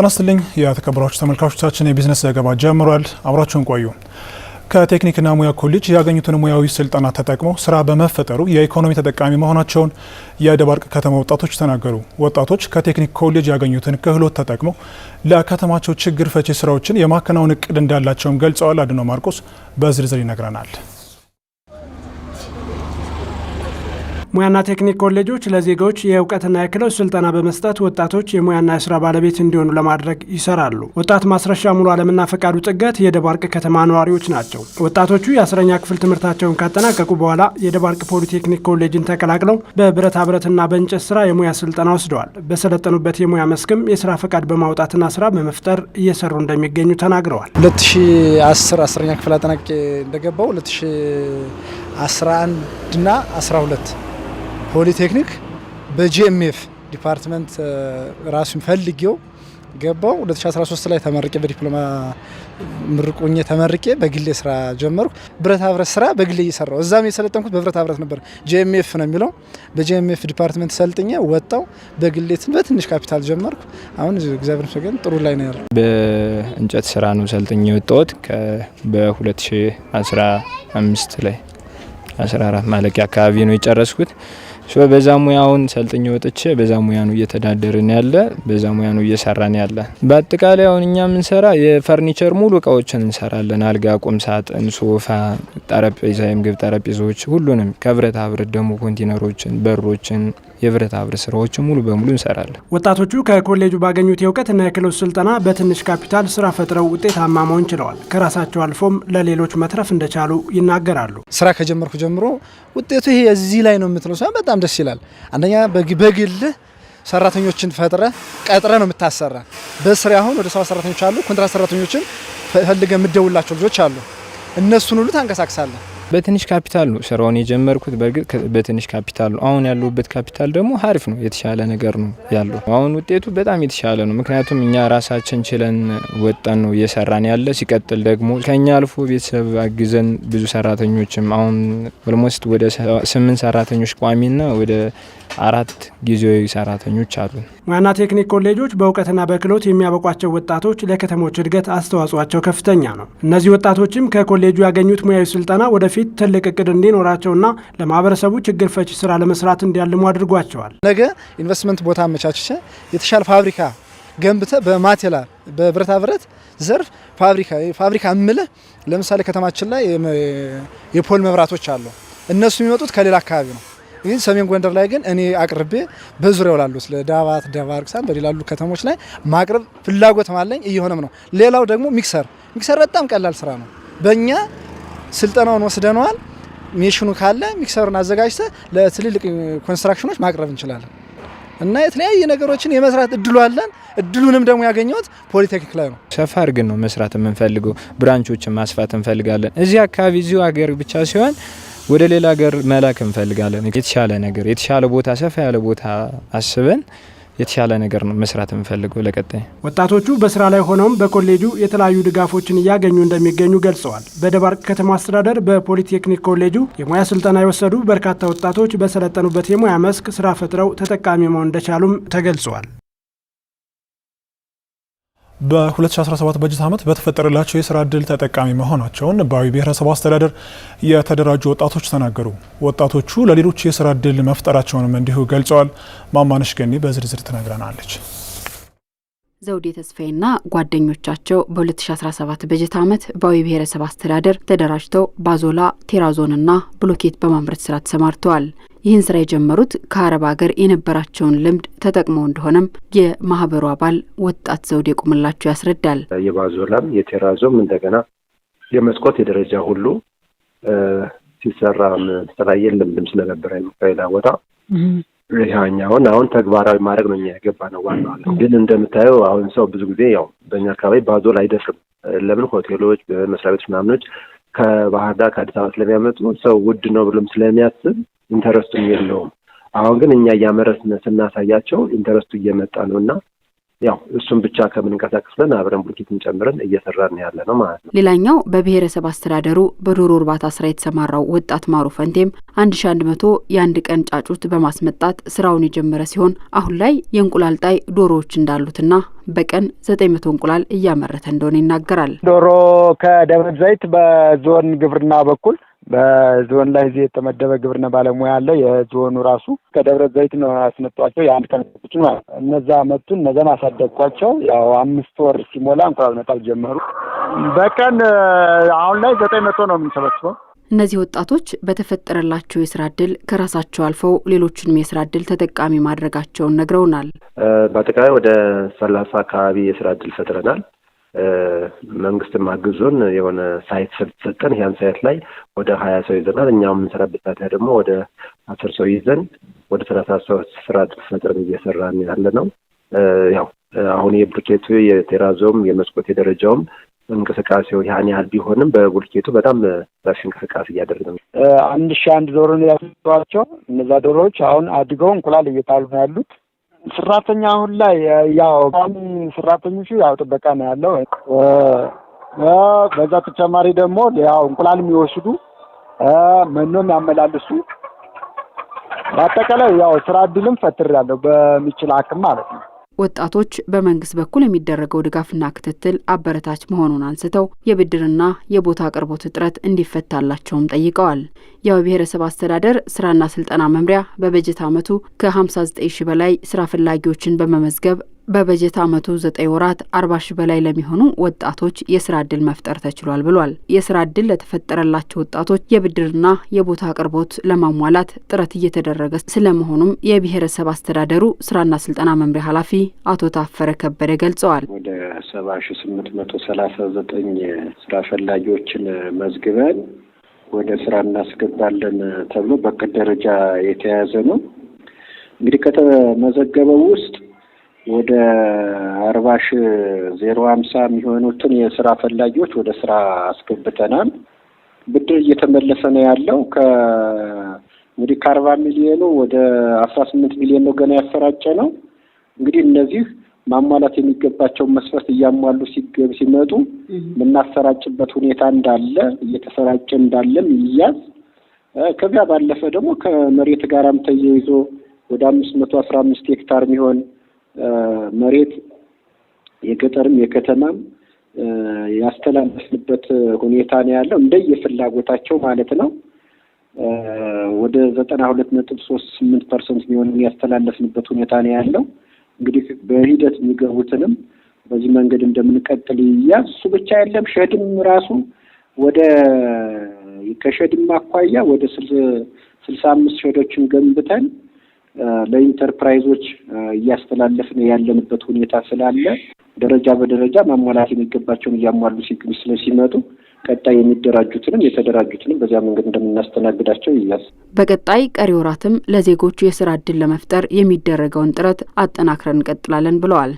ተነስትልኝ የተከበራችሁ ተመልካቾቻችን የቢዝነስ ዘገባ ጀምሯል። አብራችሁን ቆዩ። ከቴክኒክና ሙያ ኮሌጅ ያገኙትን ሙያዊ ስልጠና ተጠቅመው ስራ በመፈጠሩ የኢኮኖሚ ተጠቃሚ መሆናቸውን የደባርቅ ከተማ ወጣቶች ተናገሩ። ወጣቶች ከቴክኒክ ኮሌጅ ያገኙትን ክህሎት ተጠቅመው ለከተማቸው ችግር ፈቺ ስራዎችን የማከናወን እቅድ እንዳላቸውም ገልጸዋል። አድኖ ማርቆስ በዝርዝር ይነግረናል። ሙያና ቴክኒክ ኮሌጆች ለዜጋዎች የእውቀትና የክለው ስልጠና በመስጠት ወጣቶች የሙያና የስራ ባለቤት እንዲሆኑ ለማድረግ ይሰራሉ። ወጣት ማስረሻ ሙሉ አለምና ፈቃዱ ጥገት የደባርቅ ከተማ ነዋሪዎች ናቸው። ወጣቶቹ የአስረኛ ክፍል ትምህርታቸውን ካጠናቀቁ በኋላ የደባርቅ ፖሊቴክኒክ ኮሌጅን ተቀላቅለው በብረታ ብረትና በእንጨት ስራ የሙያ ስልጠና ወስደዋል። በሰለጠኑበት የሙያ መስክም የስራ ፈቃድ በማውጣትና ስራ በመፍጠር እየሰሩ እንደሚገኙ ተናግረዋል። 2010 አስረኛ ክፍል እንደገባው 2011 እና 12 ፖሊቴክኒክ በጂኤምኤፍ ዲፓርትመንት ራሱን ፈልጌው ገባው 2013 ላይ ተመርቄ በዲፕሎማ ምርቁኜ ተመርቄ በግሌ ስራ ጀመርኩ። ብረታ ብረት ስራ በግሌ እየሰራው እዛም የሰለጠንኩት በብረታ ብረት ነበር። ጂኤምኤፍ ነው የሚለው። በጂኤምኤፍ ዲፓርትመንት ሰልጥኘ ወጣው በግሌ በትንሽ ካፒታል ጀመርኩ። አሁን እግዚአብሔር ይመስገን ጥሩ ላይ ነው ያለው። በእንጨት ስራ ነው ሰልጥኘ የወጣሁት በ2015 ላይ 14 ማለቂያ አካባቢ ነው የጨረስኩት። በዛ ሙያውን ሰልጥኝ ወጥቼ በዛ ሙያ ነው እየተዳደርን ያለ፣ በዛ ሙያ ነው እየሰራን ያለ። በአጠቃላይ አሁን እኛ የምንሰራ የፈርኒቸር ሙሉ እቃዎችን እንሰራለን። አልጋ፣ ቁም ሳጥን፣ ሶፋ፣ ጠረጴዛ፣ የምግብ ጠረጴዛዎች፣ ሁሉንም ከብረታ ብረት ደግሞ ኮንቲነሮችን፣ በሮችን፣ የብረታ ብረት ስራዎችን ሙሉ በሙሉ እንሰራለን። ወጣቶቹ ከኮሌጁ ባገኙት የእውቀትና እና የክህሎት ስልጠና በትንሽ ካፒታል ስራ ፈጥረው ውጤታማ መሆን ችለዋል። ከራሳቸው አልፎም ለሌሎች መትረፍ እንደቻሉ ይናገራሉ። ስራ ከጀመርኩ ጀምሮ ውጤቱ ይሄ እዚህ ላይ ነው የምትለው በጣም በጣም ደስ ይላል። አንደኛ በግልህ ሰራተኞችን ፈጥረ ቀጥረ ነው የምታሰራ። በስሬ አሁን ወደ ሰባት ሰራተኞች አሉ። ኮንትራት ሰራተኞችን ፈልገ የምደውላቸው ልጆች አሉ። እነሱን ሁሉ ታንቀሳቅሳለህ። በትንሽ ካፒታል ነው ስራውን የጀመርኩት። በእርግጥ በትንሽ ካፒታል ነው። አሁን ያለሁበት ካፒታል ደግሞ ሀሪፍ ነው፣ የተሻለ ነገር ነው ያለው። አሁን ውጤቱ በጣም የተሻለ ነው፣ ምክንያቱም እኛ ራሳችን ችለን ወጠን ነው እየሰራን ያለ። ሲቀጥል ደግሞ ከኛ አልፎ ቤተሰብ አግዘን ብዙ ሰራተኞችም አሁን ኦልሞስት ወደ ስምንት ሰራተኞች ቋሚና ወደ አራት ጊዜያዊ ሰራተኞች አሉ። ዋና ቴክኒክ ኮሌጆች በእውቀትና በክህሎት የሚያበቋቸው ወጣቶች ለከተሞች እድገት አስተዋጽኦቸው ከፍተኛ ነው። እነዚህ ወጣቶችም ከኮሌጁ ያገኙት ሙያዊ ስልጠና ወደፊት ትልቅ እቅድ እንዲኖራቸውና ለማህበረሰቡ ችግር ፈች ስራ ለመስራት እንዲያልሙ አድርጓቸዋል። ነገ ኢንቨስትመንት ቦታ አመቻችቸ የተሻለ ፋብሪካ ገንብተ በማቴላ በብረታ ብረት ዘርፍ ፋብሪካ ፋብሪካ እምልህ ለምሳሌ ከተማችን ላይ የፖል መብራቶች አሉ። እነሱ የሚመጡት ከሌላ አካባቢ ነው። ይህ ሰሜን ጎንደር ላይ ግን እኔ አቅርቤ በዙሪያው ላሉ ስለ ዳባት፣ ደባርቅ ሳን ላሉ ከተሞች ላይ ማቅረብ ፍላጎት ማለኝ እየሆነም ነው። ሌላው ደግሞ ሚክሰር ሚክሰር በጣም ቀላል ስራ ነው። በእኛ ስልጠናውን ወስደነዋል። ሜሽኑ ካለ ሚክሰሩን አዘጋጅተ ለትልልቅ ኮንስትራክሽኖች ማቅረብ እንችላለን እና የተለያዩ ነገሮችን የመስራት እድሉ አለን። እድሉንም ደግሞ ያገኘሁት ፖሊቴክኒክ ላይ ነው። ሰፋ አድርገን ነው መስራት የምንፈልገው። ብራንቾችን ማስፋት እንፈልጋለን። እዚህ አካባቢ እዚሁ ሀገር ብቻ ሲሆን ወደ ሌላ ሀገር መላክ እንፈልጋለን። የተሻለ ነገር የተሻለ ቦታ ሰፋ ያለ ቦታ አስበን የተሻለ ነገር ነው መስራት የምፈልገው ለቀጣይ። ወጣቶቹ በስራ ላይ ሆነውም በኮሌጁ የተለያዩ ድጋፎችን እያገኙ እንደሚገኙ ገልጸዋል። በደባርቅ ከተማ አስተዳደር በፖሊቴክኒክ ኮሌጁ የሙያ ስልጠና የወሰዱ በርካታ ወጣቶች በሰለጠኑበት የሙያ መስክ ስራ ፈጥረው ተጠቃሚ መሆን እንደቻሉም ተገልጸዋል። በ2017 በጀት ዓመት በተፈጠረላቸው የስራ ዕድል ተጠቃሚ መሆናቸውን በአዊ ብሔረሰብ አስተዳደር የተደራጁ ወጣቶች ተናገሩ። ወጣቶቹ ለሌሎች የስራ ዕድል መፍጠራቸውንም እንዲሁ ገልጸዋል። ማማነሽ ገኒ በዝርዝር ትነግረናለች። ዘውዴ ተስፋዬና ጓደኞቻቸው በ2017 በጀት ዓመት በአዊ ብሔረሰብ አስተዳደር ተደራጅተው ባዞላ ቴራዞንና ብሎኬት በማምረት ስራ ተሰማርተዋል። ይህን ስራ የጀመሩት ከአረብ ሀገር የነበራቸውን ልምድ ተጠቅመው እንደሆነም የማህበሩ አባል ወጣት ዘውድ የቁምላቸው ያስረዳል። የባዞላም የቴራዞም እንደገና የመስኮት የደረጃ ሁሉ ሲሰራም የተለያየ ልምድም ስለነበረ ከሌላ ቦታ ይህኛውን አሁን ተግባራዊ ማድረግ ነው እኛ የገባ ነው። ዋና ግን እንደምታየው አሁን ሰው ብዙ ጊዜ ያው በእኛ አካባቢ ባዞል አይደፍርም። ለምን ሆቴሎች፣ መስሪያ ቤቶች ምናምኖች ከባህር ዳር ከአዲስ አበባ ስለሚያመጡ ሰው ውድ ነው ብሎም ስለሚያስብ ኢንተረስቱም የለውም። አሁን ግን እኛ እያመረትን ስናሳያቸው ኢንተረስቱ እየመጣ ነው እና ያው እሱም ብቻ ከምንንቀሳቀስ ብለን አብረን ቡርኬትን ጨምረን እየሰራን ያለ ነው ማለት ነው። ሌላኛው በብሔረሰብ አስተዳደሩ በዶሮ እርባታ ስራ የተሰማራው ወጣት ማሩ ፈንቴም አንድ ሺ አንድ መቶ የአንድ ቀን ጫጩት በማስመጣት ስራውን የጀመረ ሲሆን አሁን ላይ የእንቁላል ጣይ ዶሮዎች እንዳሉትና በቀን ዘጠኝ መቶ እንቁላል እያመረተ እንደሆነ ይናገራል። ዶሮ ከደብረ ዘይት በዞን ግብርና በኩል በዞን ላይ እዚህ የተመደበ ግብርና ባለሙያ አለ። የዞኑ ራሱ ከደብረ ዘይት ነው ያስመጧቸው። የአንድ ቀን ቁጭ እነዛ መጡ። እነዛን አሳደግኳቸው። ያው አምስት ወር ሲሞላ እንቁላል መጣል ጀመሩ። በቀን አሁን ላይ ዘጠኝ መቶ ነው የምንሰበስበው። እነዚህ ወጣቶች በተፈጠረላቸው የስራ እድል ከራሳቸው አልፈው ሌሎችንም የስራ እድል ተጠቃሚ ማድረጋቸውን ነግረውናል። በአጠቃላይ ወደ ሰላሳ አካባቢ የስራ እድል ፈጥረናል። መንግስትም አግዞን የሆነ ሳይት ስልትሰጠን ያን ሳይት ላይ ወደ ሀያ ሰው ይዘናል። እኛም የምንሰራበት ሳይት ደግሞ ወደ አስር ሰው ይዘን ወደ ሰላሳ ሰው ስራ ፈጥረን እየሰራ ያለ ነው። ያው አሁን የብሎኬቱ የቴራዞም የመስኮት የደረጃውም እንቅስቃሴው ያን ያህል ቢሆንም በብሎኬቱ በጣም ራሽ እንቅስቃሴ እያደረገ ነው። አንድ ሺ አንድ ዶሮ ነው እነዛ ዶሮዎች አሁን አድገው እንቁላል እየጣሉ ነው ያሉት። ሰራተኛ አሁን ላይ ያው ቋሚ ሰራተኞቹ ያው ጥበቃ ነው ያለው። በዛ ተጨማሪ ደግሞ ያው እንቁላል የሚወስዱ መኖ የሚያመላልሱ በአጠቃላይ ያው ስራ እድልም ፈጥሬያለሁ በሚችል አቅም ማለት ነው። ወጣቶች በመንግስት በኩል የሚደረገው ድጋፍና ክትትል አበረታች መሆኑን አንስተው የብድርና የቦታ አቅርቦት እጥረት እንዲፈታላቸውም ጠይቀዋል። የአዊ ብሔረሰብ አስተዳደር ስራና ስልጠና መምሪያ በበጀት ዓመቱ ከ59 ሺ በላይ ስራ ፈላጊዎችን በመመዝገብ በበጀት ዓመቱ ዘጠኝ ወራት አርባ ሺህ በላይ ለሚሆኑ ወጣቶች የስራ እድል መፍጠር ተችሏል ብሏል። የስራ እድል ለተፈጠረላቸው ወጣቶች የብድርና የቦታ አቅርቦት ለማሟላት ጥረት እየተደረገ ስለመሆኑም የብሔረሰብ አስተዳደሩ ስራና ስልጠና መምሪያ ኃላፊ አቶ ታፈረ ከበደ ገልጸዋል። ወደ ሰባ ሺህ ስምንት መቶ ሰላሳ ዘጠኝ ስራ ፈላጊዎችን መዝግበን ወደ ስራ እናስገባለን ተብሎ በቅድ ደረጃ የተያያዘ ነው። እንግዲህ ከተመዘገበው ውስጥ ወደ አርባ ሺ ዜሮ ሀምሳ የሚሆኑትን የስራ ፈላጊዎች ወደ ስራ አስገብተናል። ብድር እየተመለሰ ነው ያለው። ከ እንግዲህ ከአርባ ሚሊዮኑ ወደ አስራ ስምንት ሚሊዮን ነው ገና ያሰራጨ ነው። እንግዲህ እነዚህ ማሟላት የሚገባቸውን መስፈርት እያሟሉ ሲገብ ሲመጡ የምናሰራጭበት ሁኔታ እንዳለ እየተሰራጨ እንዳለም ይያዝ። ከዚያ ባለፈ ደግሞ ከመሬት ጋራም ተያይዞ ወደ አምስት መቶ አስራ አምስት ሄክታር የሚሆን መሬት የገጠርም የከተማም ያስተላለፍንበት ሁኔታ ነው ያለው እንደየፍላጎታቸው ማለት ነው። ወደ ዘጠና ሁለት ነጥብ ሶስት ስምንት ፐርሰንት የሚሆን ያስተላለፍንበት ሁኔታ ነው ያለው። እንግዲህ በሂደት የሚገቡትንም በዚህ መንገድ እንደምንቀጥል ይያዝ። እሱ ብቻ የለም ሸድም ራሱ ወደ ከሸድም አኳያ ወደ ስልሳ አምስት ሸዶችን ገንብተን ለኢንተርፕራይዞች እያስተላለፍን ያለንበት ሁኔታ ስላለ ደረጃ በደረጃ ማሟላት የሚገባቸውን እያሟሉ ስለ ሲመጡ ቀጣይ የሚደራጁትንም የተደራጁትንም በዚያ መንገድ እንደምናስተናግዳቸው ይያዝ። በቀጣይ ቀሪ ወራትም ለዜጎቹ የስራ እድል ለመፍጠር የሚደረገውን ጥረት አጠናክረን እንቀጥላለን ብለዋል።